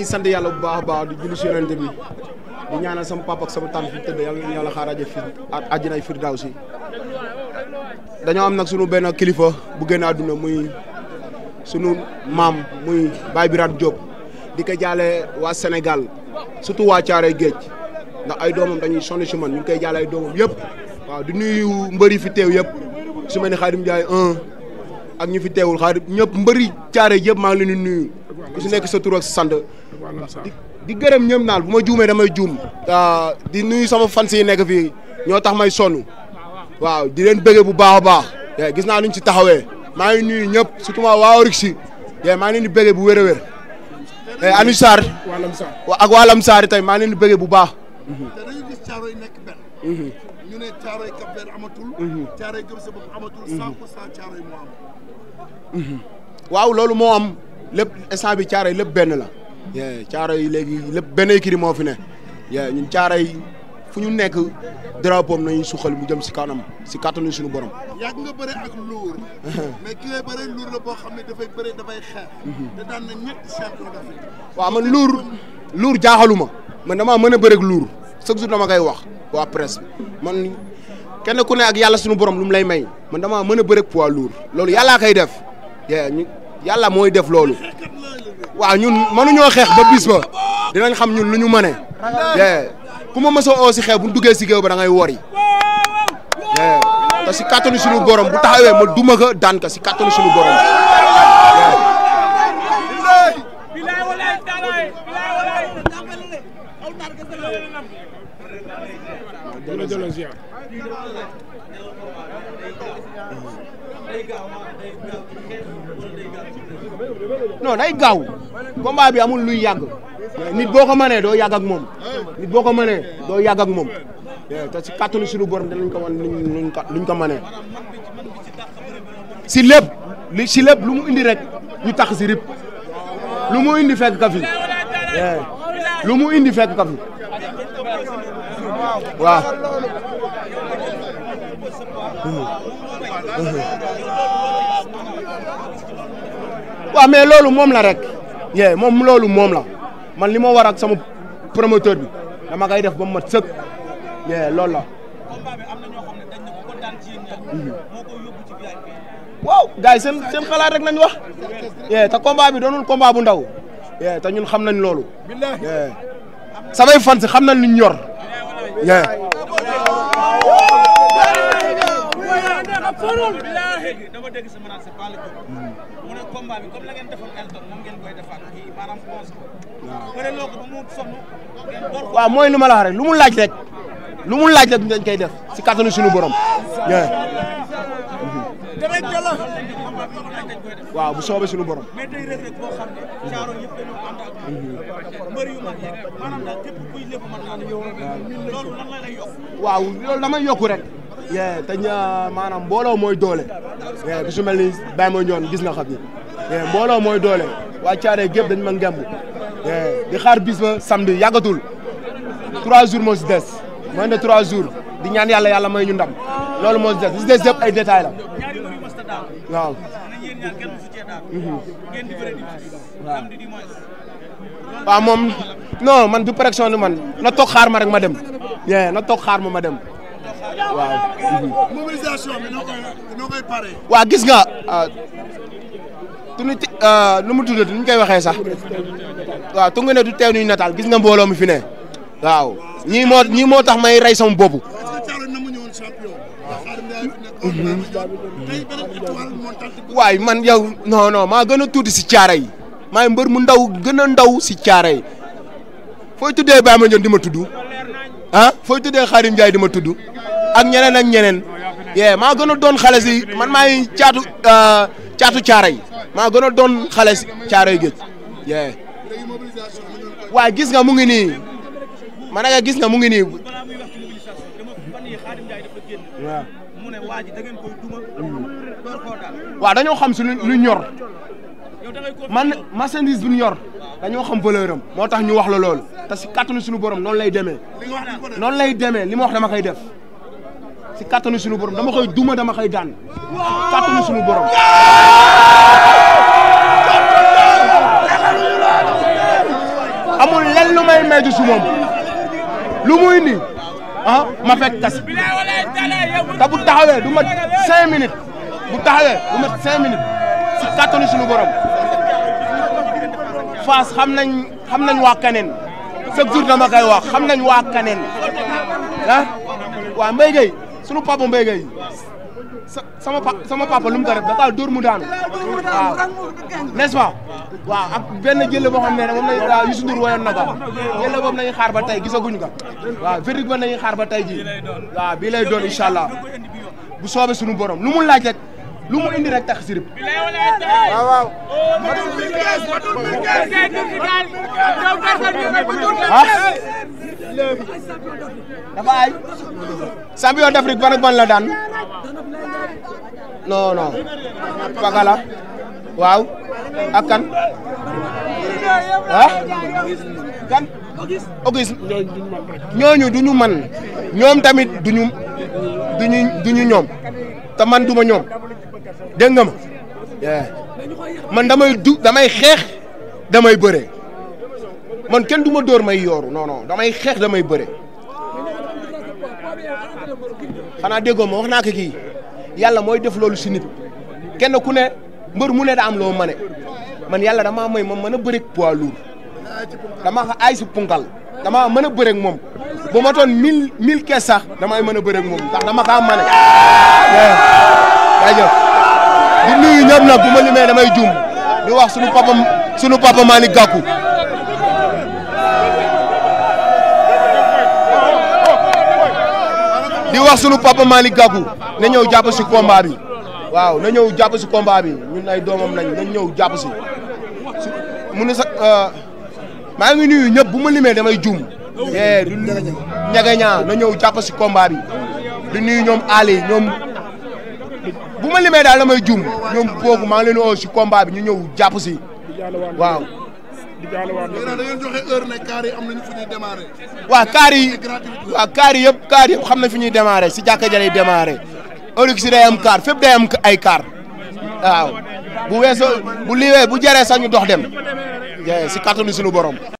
dañuy sant yàlla bu baax baax di julli si bi di ñaanal sama papa ak sama tante fi mu tëdd yàlla yàlla xaaraaje fi àjjinay firdawsi dañoo am nag sunu benn kilifa bu génn àdduna muy sunu mam, muy Baye Birane Diop di ko jaale waa Sénégal surtout waa Caaray Géej ndax ay doomam dañuy sonn si man ñu koy jaale ay doomam yep waaw di nuyu mbëri fi yep, yëpp su mel ni Xaadim Njaay un ak ñu fi teewul Xaadim ñëpp mbëri Caaray yëpp maa ngi leen nuyu ku nekk sa ak sa di di gërëm ñoom naal bu ma juumee damay juum. di nuyu sama fan yi nekk fii ñoo tax may sonn waaw di leen bëggee bu baax a baax gis naa nuñ ci taxawee maa ngi nuyu ñëpp surtout ma waa Oryx si maa ngi leen di bu wér a wér Alioune Sarr ak waa Lam Sarr tey maa ngi leen bu baax. te dañu gis caaro mhm. mhm. mhm. waaw loolu moo am lépp instant bi caaro lépp benn la. caaro yi léegi lépp benn écurie moo fi ne ñun caaro yi fu ñu nekk drapeau am nañu suqal mu jëm si kanam si kattanu suñu borom. yàgg nga bëre ak luur. mais la boo xam ne dafay bëre dafay xeex. Mhm. te daan na ñetti man luur luur jaaxaluma man damaa mën a bëre luur chaque jour dama koy wax waa presse man kenn ku ne ak yàlla suñu borom lu mu lay may man damaa mën a bëre ak poids luur loolu yàllaa koy def ñu yàlla mooy def loolu. Wah, ñun ñoo xex ba bis ba dinañ xam ñun lu ñu mëne ku ma mës a xex si bu duggé ci si ba da ngay wori ta ci katolu suñu borom bu taxawé ma duma ko daan ka ci katolu suñu borom. non day gaaw combat bi amul luy yàgg nit boo ko mënee doo yàgg ak moom nit boo ko mënee doo yàgg ak moom te si kàttanu suñu ko wan luñ ko luñ ko mënee lépp li si lépp lu mu indi rek ñu tax si rip lu mu indi fekk ka fi eh, lu mu indi fekk ka fi waaw mais loolu moom la rek yee moom loolu moom la man li ma war ak sama promoteur bi dama koy def ba mu mat sëkk yee loolu la. Mhm. waaw gars yi seen xalaat rek lañ wax. yee te combat bi doonul combat bu ndaw. yee te ñun xam nañ loolu. yee samay fans xam nañ li yor. yee. dama dégg sama naan c'est pas hmm. waaw mooy lu ma la wax rek lu mu laaj rek lu mu laaj rek dañ koy def si kattanu suñu borom damay waaw bu soobee suñu borom mais tey rek rek boo hmm. hmm. yokk rek yee te maanaam mbooloo mooy doole e ku si mel ni Baye Mandione ñoon gis nga xam ni e mbooloo mooy doole waa Thiaré gépp dañ ma ngemb di xaar bis ba samedi yàggatul trois jours moo si des mooy ne trois jours di ñaan yàlla yàlla may ñu ndam loolu moo si des man du pression du man na toog xaar waaw. gis nga tunu ah, ah, nu mu tuddati nu koy waxee sax waaw tungu ne nataal gis nga mbooloo mi fi ne waaw ñii moo ñii moo may rey sama bopp. waay man yow non non maa gën a tuuti si caara yi maay mbër mu ndaw gën a ndaw si caara yi fooy tuddee Baye Mandione di ma tudd ah fooy tuddee Xaadim Njaay di ma tudd ak ñeneen ak ñeneen ye ma gën doon xalé ci man may ciatu uh, ciatu ciaray ma maa doon xalé ci ciaray yi ye wa gis nga mu ngi ni man nga gis nga mu ngi ni wa dañu xam su lu ñor man marchandise duñ ñor dañu xam valeuram motax ñu wax la loolu ta ci suñu borom non lay démé non lay démé li wax dama kay def si kattanu suñu borom dama koy duma dama koy daan si kattanu suñu borom. amul lenn lu may maytu si lu muy indi ah ma fekk tas bu taxawee du mat cinq minutes bu taxawee du mat cinq minutes si kattanu suñu borom Fass xam nañ xam nañ waa Kaneen chaque jour dama koy wax xam nañ waa Kaneen ah waa Mbaye Gueye sunu papa Mbaye Gueye sama pa sama papa lu mu ko def da dóor mu daanu waaw n'est-ce pas waaw ak benn jëlle boo xam ne moom lañ waaw Youssou Ndour na ko jëlle boobu xaar ba tey gisaguñ ko waaw verdict ba nañu xaar ba tey ji waaw bii lay doon incha allah bu soobee sunu borom lu mu laaj lu ini indi rek tax sirip waaw waaw madul mirkes madul mirkes dafa ay champion d'Afrique ban ak ban la daan non non Pakala waaw ak kan ah kan ogis ñooñu duñu man ñoom tamit duñu duñu duñu ñoom te man duma ñoom dégg nga man damay du damay xeex damay bëre man kenn du ma dóor may yooru non damay xeex damay bëre xanaa déggoo ma wax naa ko yàlla mooy def loolu si kenn ku ne mbër mu ne da am loo ma man yàlla damaa may ma mën a bëre poids lourd dama xa aay si punkal damaa mën a bëre ak moom bu ma doon mille mille kees sax damay mën a bëre ak moom ndax dama kaa mën a lim nag bu ma limee damay juum di wax sunu papa sunu papa Malick Gakou wax sunu papa Malick Gakou na ñëw jàpp si combat bi waaw na ñëw jàpp si combat bi ñun ay doomam lañ na ñëw jàpp si mu ne sax euh, maa ngi nuyu ñëpp bu ma limee damay juum te eh, du ñagañaa na ñëw jàpp si combat bi nuyu ñoom Ali ñoom. bu ma limee daal damay juum ñoom boogu maa ngi oo si combat bi ñu ñëw jàpp si waaw. di jàllewaat léegi am nañu fu ñuy démarré. yëpp kaar yëpp xam na fi ñuy démarré si jàkka jëlee démarré. Oryx day am kaar fépp day am ay kaar waaw bu weesoo bu liwee bu jëree sax ñu dox dem si kattanu suñu borom.